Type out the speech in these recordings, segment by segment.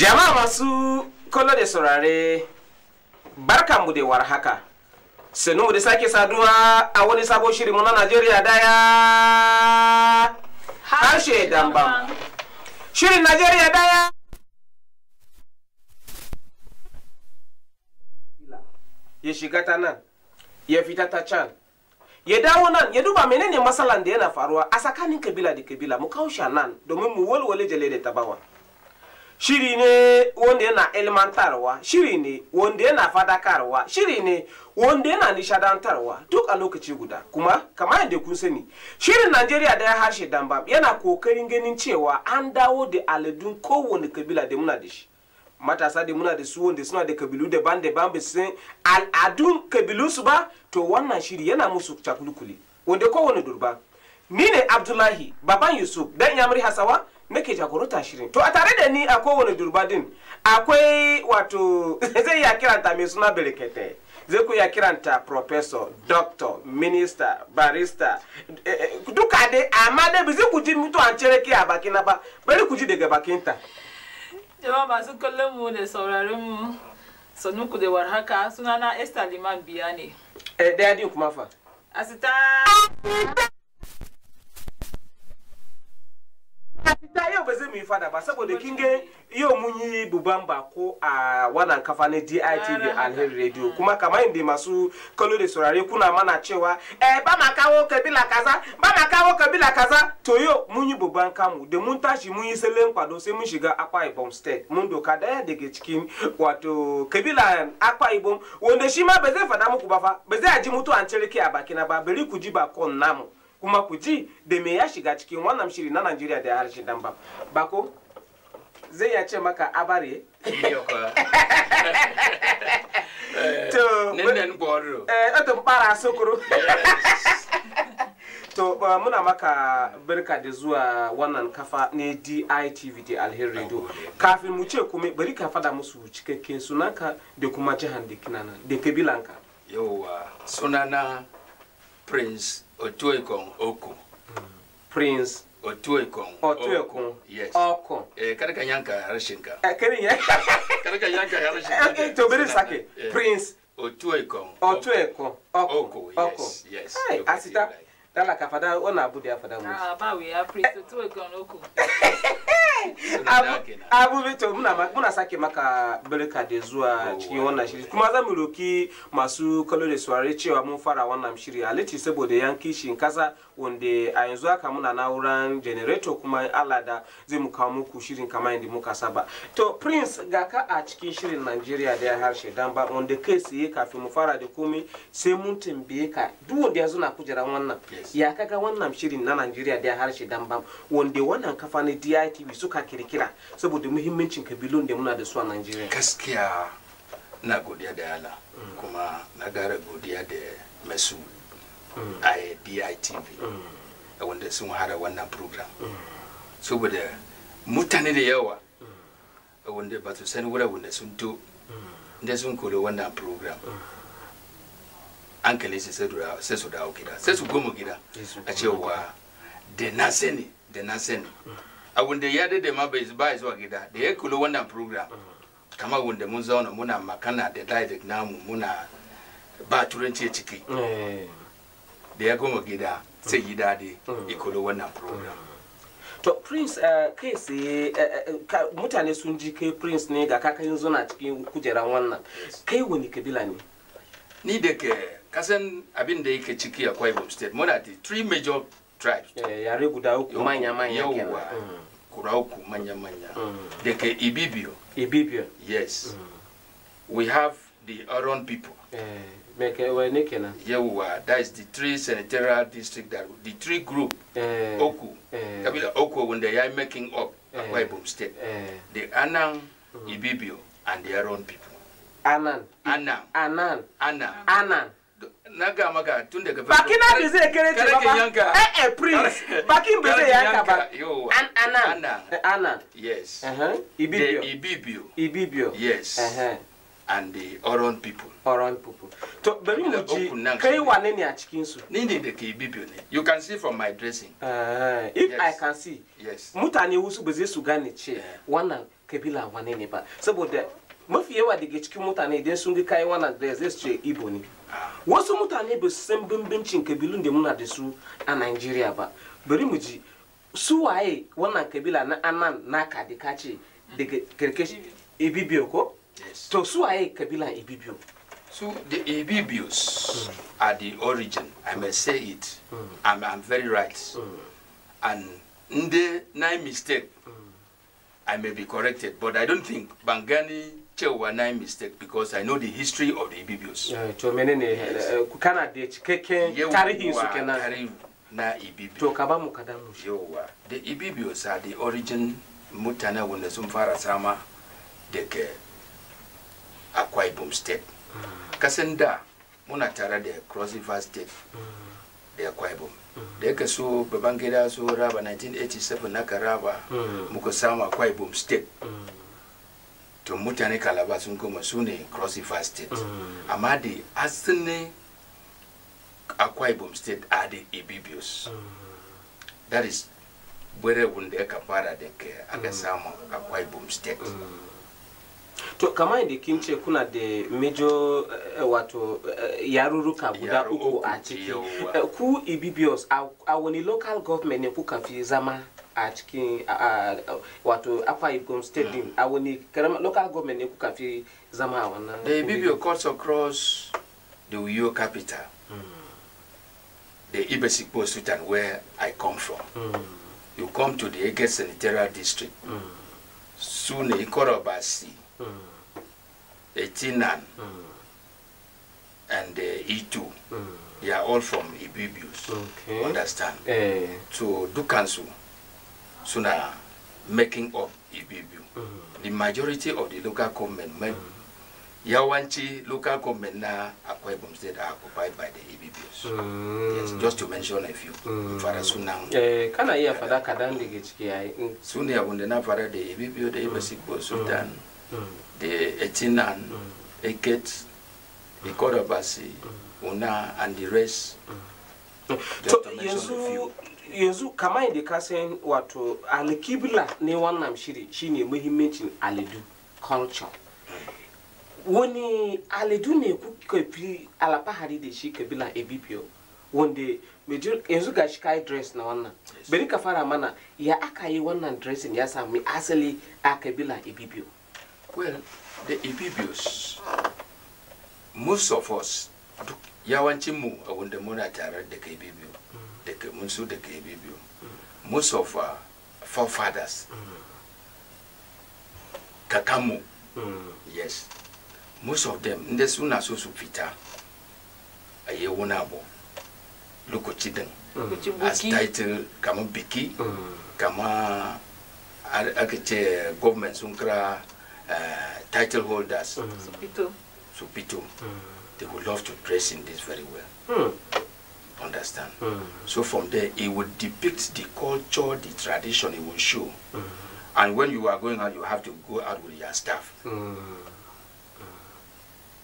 jama'a masu kallo da saurare barkanmu da sannu mu da sake saduwa a wani sabon shirin na najeriya daya harshe dambam shirin najeriya daya ya shiga ta nan ya fita ta can ya dawo nan ya duba menene matsalan da yana faruwa a tsakanin kabila da kabila mu kawo nan domin mu walwale jale da tabawa. shiri ne wanda yana ilmantarwa shiri ne wanda yana fadakarwa shiri ne wanda yana nishadantarwa duk a lokaci guda kuma kamar yadda kun sani shirin najeriya ya harshe dambam yana kokarin ganin cewa an dawo da aladun kowane kabila da muna da shi matasa da muna da su wanda suna da kabilu daban-daban ba su al'adun kabilunsu ba to wannan shiri yana musu cakulkuli wanda kowane durba ni ne abdullahi baban yusuf dan yamri hasawa nake jagorota shirin to a tare da ni a kowane durbadin akwai wato zai ya kiranta mai suna berekete zai ku ya kiranta professor doctor minister barista eh, eh, duka dai amma dai ba zai ku ji mutuwan cereke a na ba bari ku ji daga bakinta jama'a masu kallon mu da sauraron mu sannu ku da warhaka sunana esther liman biya ne eh daya din kuma fa asita sai fada ba saboda kin ga yau mun yi buban bako a wannan kafa na DITV Alheri Radio kuma kamar inda masu kallo da saurare kuna mana cewa eh ba ma kawo kabila kaza ba ma kawo kabila kaza to yau mun yi buban kamu da mun tashi mun yi salon kwado sai mun shiga Akwa Ibom State mun doka daya daga cikin wato kabila Akwa Ibom wanda shi ma ba zai fada muku ba fa ba zai aji mutu an cirki a bakina ba bari ku ji bakon namu kuma ku ji da me ya shiga cikin wannan shiri na Najeriya da harshen Damba. bako zai ya ce maka abare to nan boro eh to para sukuru to muna maka birka da zuwa wannan kafa ne DITV da Alheri Radio kafin mu ce kuma bari ka fada musu cikakken sunanka da kuma jihar da kinana da kabilanka yauwa sunana Prince Otuekong Oku. Hmm. Prince Otuekong. Otuekong. Yes. Okong. Eh kada ka yanka harshenka. Eh kada yanka. Kada ka yanka harshenka. Eh, eh to bere sake. Eh, eh. Prince Otuekong. Otuekong. Oku. Yes. Yes. Hey, asita. Dala ka fada ona abudi afada mu. Ah, ba we are Prince Otuekong Oku. abu to muna sake maka barka da zuwa cikin wannan shiri kuma za mu roki masu kallo da saurare cewa mun fara wannan shiri a litti saboda yankin kasa wanda a yanzu haka muna na'uran generator kuma alada zai mu kawo muku shirin kamar yadda muka saba to prince ga ka a cikin shirin nigeria da ya harshe dan ba wanda kai tsaye kafin mu fara da komai sai mun tambaye ka duk wanda ya zo na kujeran wannan ya kaga wannan shirin na nigeria da ya harshe dan ba wanda wannan kafa ne DITV su suka kirkira saboda muhimmancin kabilun da muna da su a Najeriya. Gaskiya na godiya da Allah kuma na gara godiya da masu a DITV mm. wanda sun hada wannan program. Saboda mutane da yawa wanda ba su sani wura wanda sun to mm. da sun kori wannan program. Mm. An kale sai su dawo gida sai su goma gida a cewa da na sani da na sani. abun da ya dade ma bai ba zuwa gida da ya kula wannan program kamar wanda mun zauna muna makana da dialect namu muna ba turanci ciki da ya goma gida sai yi dade ya kula wannan program to prince eh, kai sai eh, eh, mutane sun ji kai prince ne ga kakayin zuna cikin kujeran wannan kai wani kabila ne ni da ke kasan abin da yake ciki akwai state muna da three major tribes yare guda uku manya manya kenan Kurauku Manya Manya. Mm. Deke Ibibio. Ibibio. Yes. Mm. We have the Aron people. Eh, na. yeah, that is the three senatorial district that the three group uh, Oku. Uh, Oku when they are making up uh, Akwa State. Uh, the Anang, mm. Ibibio and the Aron people. Anan. Anan. Anan. Anan. Anan. na ga maka tun daga farko baki na bi kere ce baba yanka eh eh prince bakin bi zai yanka ba an anan anan eh, yes uh -huh. ibibio ibibio ibibio yes uh -huh. and the oron people oron people to bari mu ji kai wane ne a cikin su ni ne da ke ibibio ne you can see from my dressing uh, if yes. i can see yes mutane wasu ba zai su gane ce yeah. wannan kabila wane ne ba saboda mafi yawa daga cikin mutane idan sun ga kai wannan dress zai ce ibo ne ah. wasu mutane ba su san bambancin kabilun da muna da su a Nigeria ba bari mu ji su waye wannan kabila na anan na kadika ce daga ibibio ko to su waye kabila ibibio So the Ibibios mm. are the origin. I may say it. Mm. I'm, I'm very right. Mm. And the nine mistake, hmm. I may be corrected, but I don't think Bangani cewa na mistake because I know the history of the Ibibios. Eh, to menene eh, eh, kana da cikakken tarihin su kenan. na Ibibios. To ka ba mu kadan mu. Yawwa. The Ibibios are the origin mutane wanda sun fara sama daga Akwa Ibom state. Mm. Kasan da muna tare da Cross River state mm. da Akwa Ibom. Mm. Da yake so Babangida so raba 1987 naka raba muka samu Akwa Ibom state. to mutane kalaba sun koma su ne cross river state mm. amma da asini akwai bom state added ibibius mm. that is bere da ya fara da ke aka mm. samu akwai bom state to kama yadda kin ce kuna da mejo eh, eh, wato uh, yarurruka guda uku a ciki ku ibibius a wani local government ne kuka fi zama at King a cikin wato upper Ibom state din a wani karamar local government ne kuka fi zama a wannan your ibibio cuts across the uyo capital mm. the ibesikpo sultan where i come from mm. you come to the Ege sanitarial district mm. sune ikorobasi mm. etinan mm. and uh, e2 mm. they are all from ibibius okay. understand eh. so dukansu suna making of ibibiyu mm. the majority of the local government mm. yawanci local government na akwai bom state are occupied by the ibibu mm. yes, just to mention a few mm. fara sunan eh, kana iya fada kadan daga ciki yayi mm. su ne abun the na fara da ibbiyo da ibasiko sultan da etinan eket the kodabasi una and the rest just to mention a few yanzu kamar yadda ka san wato alkibla ne wannan shiri shine muhimmancin aladu culture wani aladu ne kuka fi alfahari da shi kabila ebipio wanda yanzu ga shi kayi dress na wannan bari ka fara mana ya aka yi wannan dressing ya sami asali a kabila ibibio well the ibibios most of us mu a wanda muna tare da kai ibibiyo daga mun daga biyu most of our forefathers kakamu yes most of them inda suna so su fita a yi wuna abu lokaci din as title kama biki kama aka ce government sun kira eh, title holders su pito hmm. they would love to dress in this very well hmm. understand. Mm. So from there, it would depict the culture, the tradition it will show. Mm. And when you are going out, you have to go out with your staff. Mm.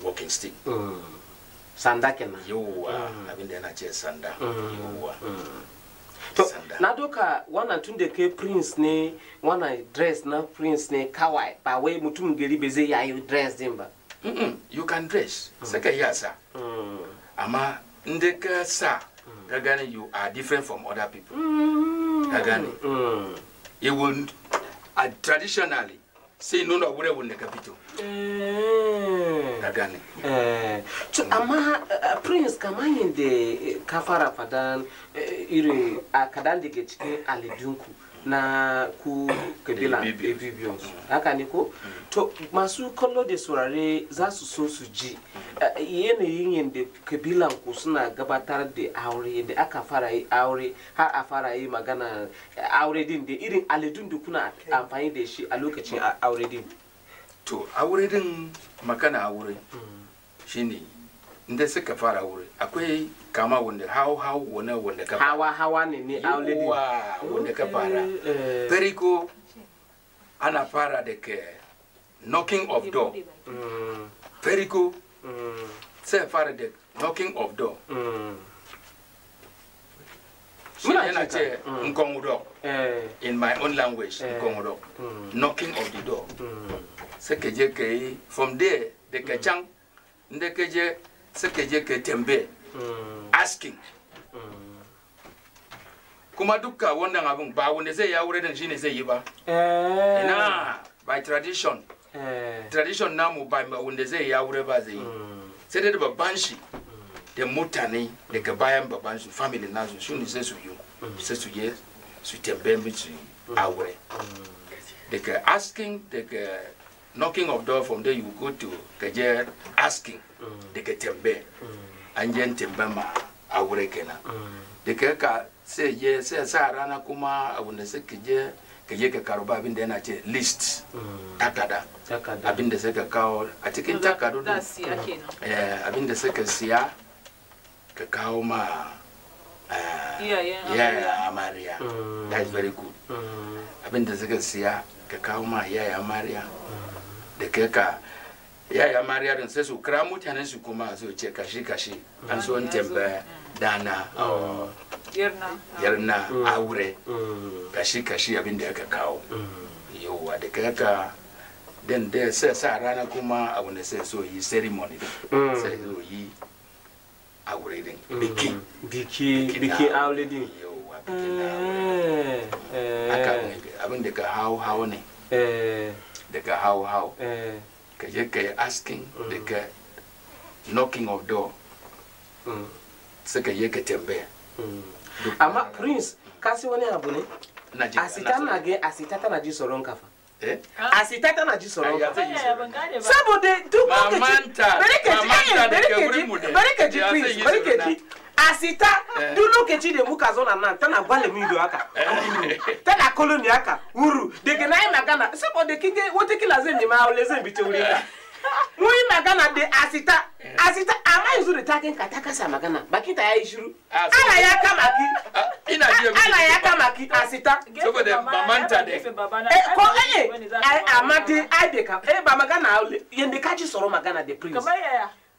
Walking stick. Mm. Sanda kenan. Yawwa, abin da yana ce sanda. are. To, na doka one and two kai prince ne, wannan dress na prince ne kawai ba way mutum gari bai zai dress zimba. you can dress, mm. sai ka yi yasa. Mm. Amma sa ka mm. gane you are different from other people ka mm. mm. you will uh, traditionally sai nuna wuri wanda ka fito ka gane to amma prince come in the uh, kafara fadan uh, irin a uh, kadan daga cikin aladunku na ku kabila abibiyon haka ne ko to masu kallo da saurare za su so su ji eh, yanayin yadda kabilan ku suna gabatar da aure da aka fara yi aure har a fara yi magana eh, aure din da irin aladun da kuna amfani da shi a lokacin aure din to aure din magana aure mm. shine inda suka fara wuri akwai kama wanda hau hau wani wanda ka hawa hawa ne ne already wa wanda ka fara fariko eh. ana fara da ke knocking of door fariko mm. mm. sai fara da knocking of door mm. muna yana ce nkongu eh. in my own language eh. nkongu door knocking of the door sai ka je ka yi from there da ka can inda ka je suka je ka tambaye hmm. asking kuma duka wannan abin ba wanda zai ya wuri shi ne zai yi ba eh. ina by tradition eh. tradition namu ba wanda zai ya wuri ba zai yi hmm. sai dai da babban shi hmm. da mutane daga bayan babban su family nasu su ne sai su yi sai su yi su tambaye miki aure daga asking daga knocking of door from there you go to kaje asking daga tembe an jan temben ma a wuri kenan daga ka sai je sai sa rana kuma abin da suka je ka je ka karuba abin da yana ce list takada abin da suka kawo a cikin takadu abin da suka siya mm. ka eh, kawo ma eh, yaya amariya mm. that's very good mm. abin da suka siya ka kawo ma yaya amariya da ka ya yaya mariyarin sai su kira mutanen su kuma su ce kashi kashi an so tembe dana oh. yarna mm. aure mm. kashi kashi abin da aka kawo mm. yauwa da kaka den da sai sa rana kuma abu ne sai so yi ceremony sai so yi aure din biki biki biki aure din yauwa biki na aure eh, eh. abin da ka hau hau ne eh. daga hau hau ka je ka yi asking da mm. ka knocking of door sai ka je ka tambaya amma prince kasi wani abu ne asita na ga asita tana ji tsoron kafa eh? asita tana ji tsoron kafa saboda duk lokaci bari ka ji eh, bari ka ji prince, ka ji asita eh. dunu kechi de muka zona nan tana bale mi do aka eh. tana koloni aka uru de ke na gana se bo de kinge wote kila ze ni ma ole ze bite uri ka mui magana de asita eh. asita ama izuri take nkataka sa magana bakita ya ishuru ah, ala ya kama ki ah, ina je ala ya kama ki asita soko de mamanta de ko eh amade ade ka eh ba magana ole yende kachi soro magana de prince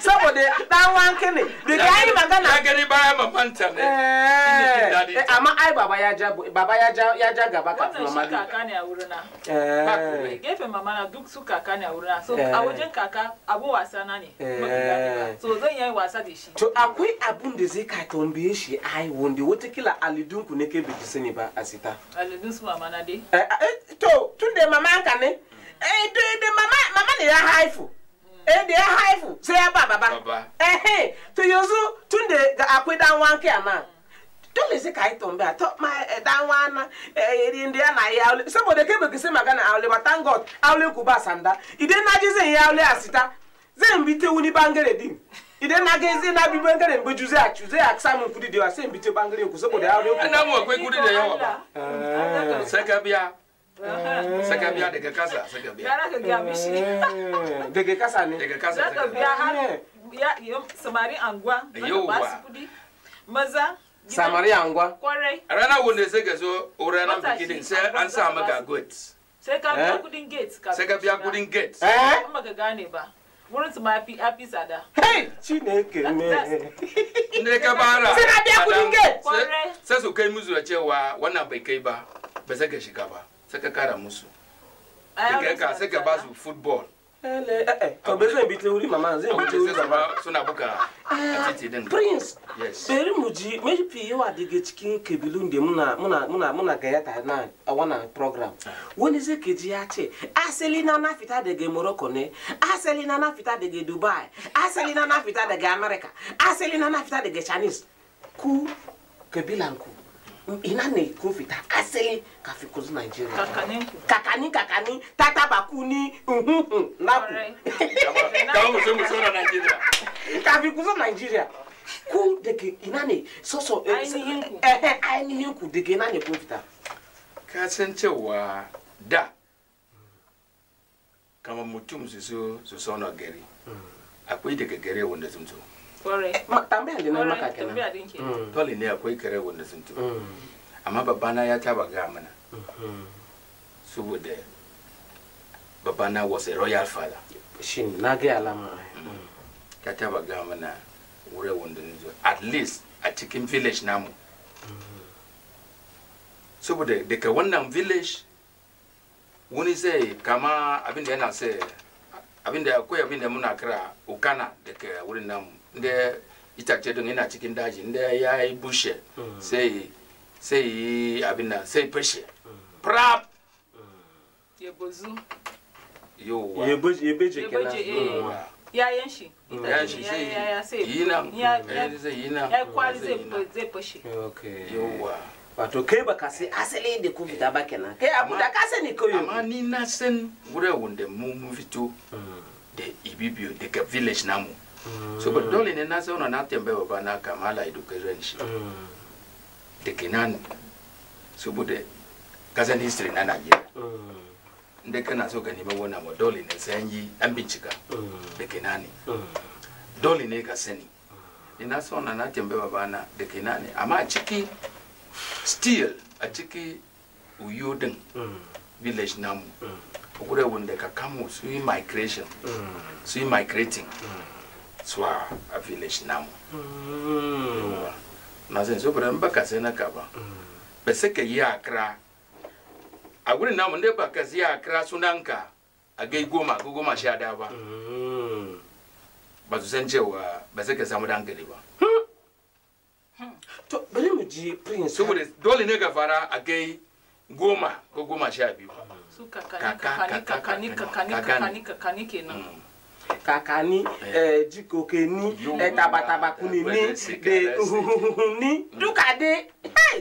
saboda dan wanka ne daga yayi magana ya gani baya ma fanta ne amma ɛɛ a ma ayi baba ya ja ya ja gaba ka kuma mali kaka ne a wurin na eh gefe mama na duk su kaka ne a wurin na so a eh. wajen kaka abu wasa na ne eh. so zan yayi wasa da si. to akwai abun da zai ka tambaye shi ai wanda watakila alidun ku ne ke biki sani ba asita alidun su mama na dai eh, eh to tun da mama ka ne eh to mama mama ne ya haifu ede ya haifu sai ya ba baba ehe to yozu tunde ga akwai dan wanke a nan dole sai ka yi mbe to ma eh, dan wana iri eh, ndi ya na ya aure saboda kai baka sai magana aure ba thank god aure ku ba sanda idan na ji zan yi aure a sita zan bi ta wuni bangare din idan na ga zai na bi bangare ba ju zai a cu zai a samun kudi da yawa sai in bi ta bangare ku saboda aure ku na mu akwai kudi da yawa ba eh, ka biya saka daga kasa kasa ne daga samari angwa ba samari angwa kwarai rana ranar sai an sa maka goods biya kudin gate sai biya kudin gate eh kuma ka gane ba wurin su ma fi afi tsada chineke me ne ka bara sai ka biya kudin gate sai su kai musu da cewa wannan bai kai ba ba sai ka shiga ba sai kara musu ka sai ka ba su football to bai zai bita wuri mama zai bita wuri mama suna buga prince yes. mu ji mafi yawa daga cikin kabilun da muna muna muna muna gayyata na a program wani zai ke ji na na fita daga morocco ne asali na na fita daga dubai asali na na fita daga america asali na na fita daga chinese ku kebilangu. ina ne kun fita asali kafin ku zuwa Kakani. Kakani kakani ku ni uhuhu na ku. Kawai mu ku zuwa Najeriya. Ku daga ina ne soso ainihin ina kun fita. Ka kama cewa da kama mutum su so gari. Akwai daga gare wanda sun tambayan da na maka kenan dole ne mm. akwai kare wanda sun tuba mm. amma babana ya taba ga mana mm-hmm. saboda babana was a royal father shin na ga alama ya mm. taba ga mana wurin wanda zuwa at least a cikin village namu mm-hmm. saboda daga wannan village wani zai kama abin da yana sai abinda akwai abinda muna kira ukana daga wurin nan inda ce don yana cikin daji inda ya yi bushe mm. sai sai yi abin sai fashe prap ya bozu yowa ya ya beje kenan eh. mm. yayan shi ya shi sai yi nan ya yi nan ya kwari zai fashe yowa wato kai baka sai asali da ku fita ba kenan kai abu da ka sani koyo amma ni na san wuraren da mu mun fito da ibibio daga village namu so ba dole ne na zauna na tambaya bana na kamala ido ka zan shi da ke nan saboda kasan history na na Najeriya inda kana so ka neman wannan ba dole ne sai an yi an bincika da ke nan dole ne ka sani ina so na na tambaya ba na da ke nan amma a ciki still a ciki uyo mm. village namu akwai mm. wanda ka kamo su yi migration mm. su yi migrating zuwa a village namu na zan so bari ba ka sai na ka ba ba sai ka yi akra a gurin namu ne ba ka sai akra sunanka a gai goma ko goma sha da ba ba su san cewa ba sai ka samu dankali ba to bari mu je prince saboda dole ne fara a gai goma ko goma sha biyu su kakani kakani kakani kakani kakani kenan kakani jikokeni tabatabakunini de ni duka de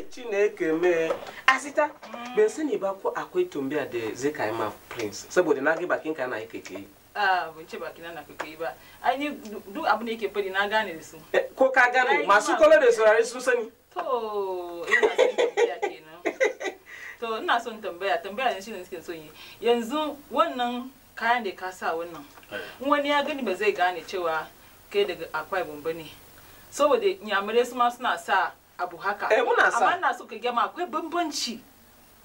chineke me asita ban sani ba ko akwai tumbiya da zai kai ma prince saboda na ga bakin ka na yake ke yi Ah, ban ce baki na ka yi ba ai ni duk abin da yake fadi na gane da su eh, ko ka gane masu kwallo da saurare sun sani to ina son tambaya kenan to ina son tambaya tambaya ne shine suke son yi yanzu wannan kayan da ka sa wannan eh. wani ya gani ba zai gane cewa kai daga akwai bamba ne saboda inyamurai su ma suna sa abu haka eh muna sa amma ina so ka gama akwai bambanci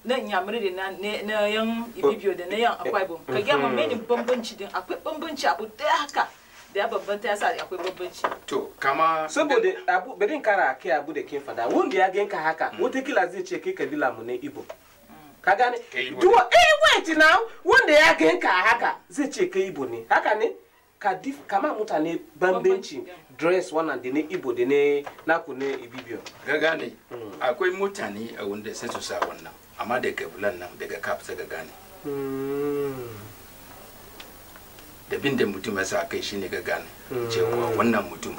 na nyamiri da na yan ibibio da na yan eh, eh, akwai bom ka gyama mhm. mene bambanci din akwai bambanci abu daya haka da ya bambanta yasa akwai bambanci to kama saboda abu bari kara kai abu da kin fada wanda ya k'a haka kila mm. zai ce kai kabila mu ne ibo mm. ka gane duwa eh wait now wanda ya k'a haka zai ce kai ibo ne haka ne ka dif kama mutane bambanci dress wannan da ne ibo da ne naku ne ibibio ga gane mm. akwai mutane a wanda sai su sa wannan amma da bulan nan daga kaf sai ga gane da bin da mutum ya sa kai shine ga gane cewa wannan mutum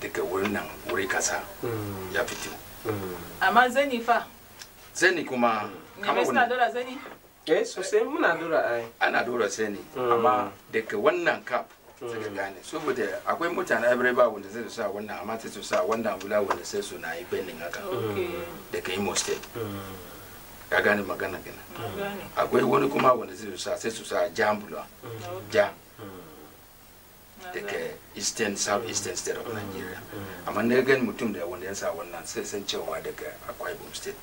daga wurin nan wuri kasa ya fito amma zani fa zani kuma kama suna dora zani eh sosai muna dora ai ana dora zani mm. amma daga wannan kaf sai ka mm. gane saboda akwai mutane abre ba wanda zai sa wannan amma sai su sa wannan bula wanda sai su na yi benin haka daga imo state mm. ka gane magana gina akwai wani kuma wanda zai sa sai su sa jambula mm. ja mm. daga eastern south eastern state of mm. nigeria amma na gani mutum da wanda ya sa wannan sai san cewa daga akwai state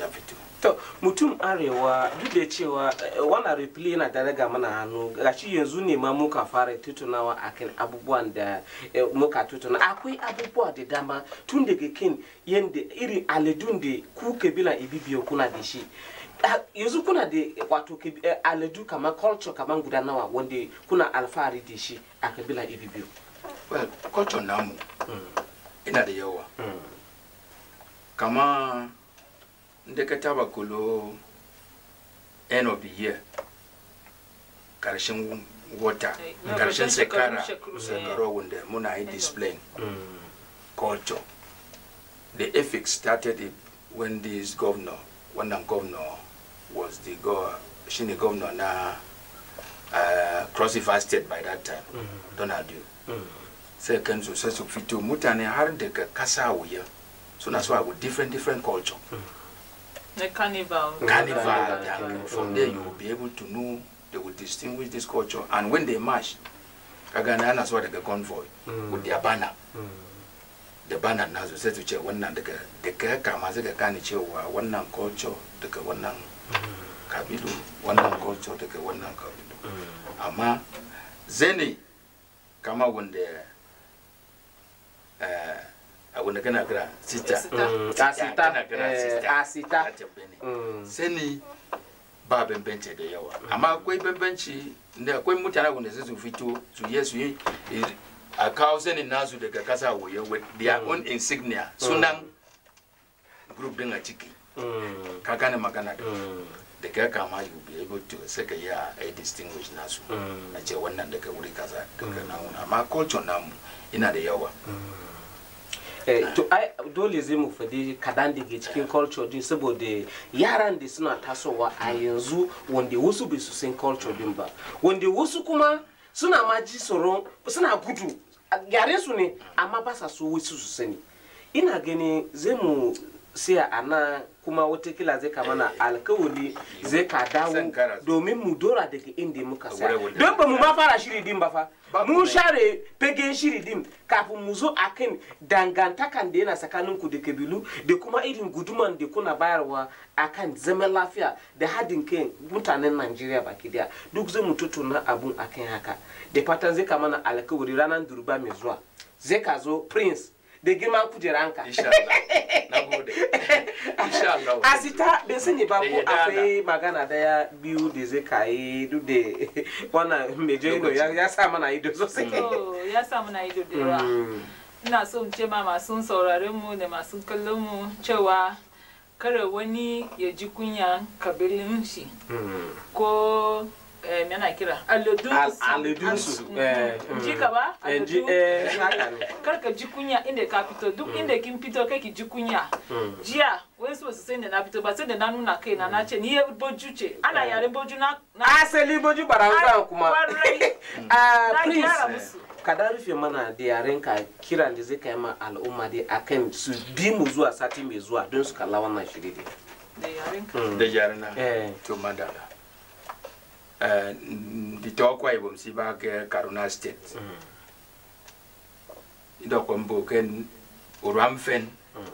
ya fito to mutum arewa duk da cewa eh, wannan repli yana da daga mana hannu gashi yanzu ne ma muka fara tutunawa kan abubuwan da eh, muka tutuna akwai abubuwa da dama tun daga kin yadda irin aladun da ku kabila ibibiyo kuna da shi yanzu kuna da wato eh, aladu kamar culture kamar guda nawa wanda kuna alfahari da shi a kabila ibibiyo well culture namu mm. ina da yawa mm. kama ndekata bakolo end of the year karshen wata eh, karshen shekara shekara eh, wanda muna yi display mm. culture the ethics started it when this governor wannan governor was the go shine governor na uh, state by that time mm. donald mm -hmm. sai kan su fito mutane har daga kasa wuya suna so a different different culture mm -hmm. The carnival. Carnival, carnival that carnival. You, from there you will be able to know, they will distinguish this culture. And when they march, Kagana suwa the convoy mm. with their banner. Mm. The banner now to check one and the girl wannan daga daga kama suka gane one wannan culture the one daga wannan one mm. wannan culture the one daga Ama Zeni come out when they're. awonekana kira sita sita asita asita sani ba bambanci da yawa amma akwai bambanci da akwai mutane wanda su fito su yi su yi a kawo sanin nasu daga kasa waye their mm. own insignia sunan mm. group din a ciki mm. ka gane magana da daga kama you be able to saka ya a eh, distinguish nasu a ce wannan daga wuri kaza daga nan amma culture namu ina da yawa Eh, to ai dole zai mu fadi kadan daga cikin culture din saboda yaran da suna tasowa a yanzu wanda wasu bai su san culture din ba wanda wasu kuma suna ma ji tsoron suna gudu yare su ne amma ba sa so wasu su sani ina gani zai mu sai a nan kuma watakila zai kama mana alkawali zai ka dawo domin mu dora daga inda muka sa don ba mu ma fara shiri din ba fa mun share fagen shiri din kafin mu zo akan dangantakan da yana tsakanin ku da kabilu da kuma irin guduman da kuna bayarwa akan zaman lafiya da hadin kai mutanen Najeriya baki daya duk zai mu tattauna abun akan haka da fatan zai kama na alkawari ranar durba mai zuwa zai ka zo prince da girman kujeranka a ha ha ha ba ko akwai magana daya biyu da zai kayi duk da wannan mejo ya sa mana ido sosai ya sa mana ido da yawa ina so ce mm. oh, mm. ma masu mu da masu mu cewa kare wani ya ji kunya kabilin shi mm. ko yana eh, kira aladunsu eh, mm. ji mm. ka ba eh, kar ka ji kunya inda ka fito duk mm. inda kin fito kai ki ji kunya jiya wani su sai da na fito ba sai da na nuna kai na na ce ni boju ce ana yaren boju na asali boju barauta kuma ah, a please ka da rufe mana da yaren ka kiran da zai kai ma al'umma dai akan su bi mu zuwa sati mai zuwa don su kalla wannan shiri dai da yaren ka da yaren na to madala ndi to kwa ibom si ba ke Karuna State ndo kombo ken uramfen mm.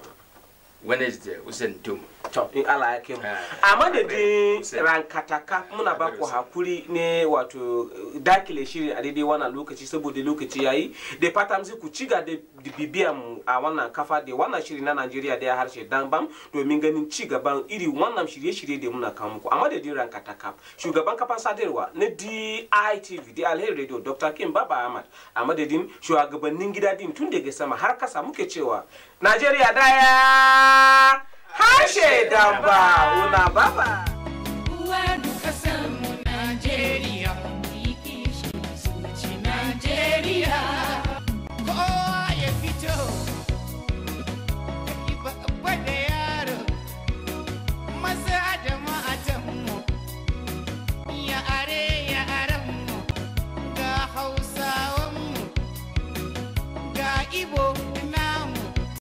Wednesday usentum to in Allah ya mu a madadin rankataka muna ba ku hakuri ne wato eh, dakile shiri a daidai wannan lokaci saboda lokaci yayi da fata mu ku ci da bibiyan a wannan kafa da wannan shiri na Najeriya da ya harshe dan bam domin ganin ci gaban iri wannan shirye-shirye da muna kawo muku a madadin rankataka shugaban kafan sadarwa na DITV da Alheri Radio Dr. Kim Baba Ahmad a madadin shugabannin gida din tun daga sama har kasa muke cewa Najeriya daya hashe damba una baba.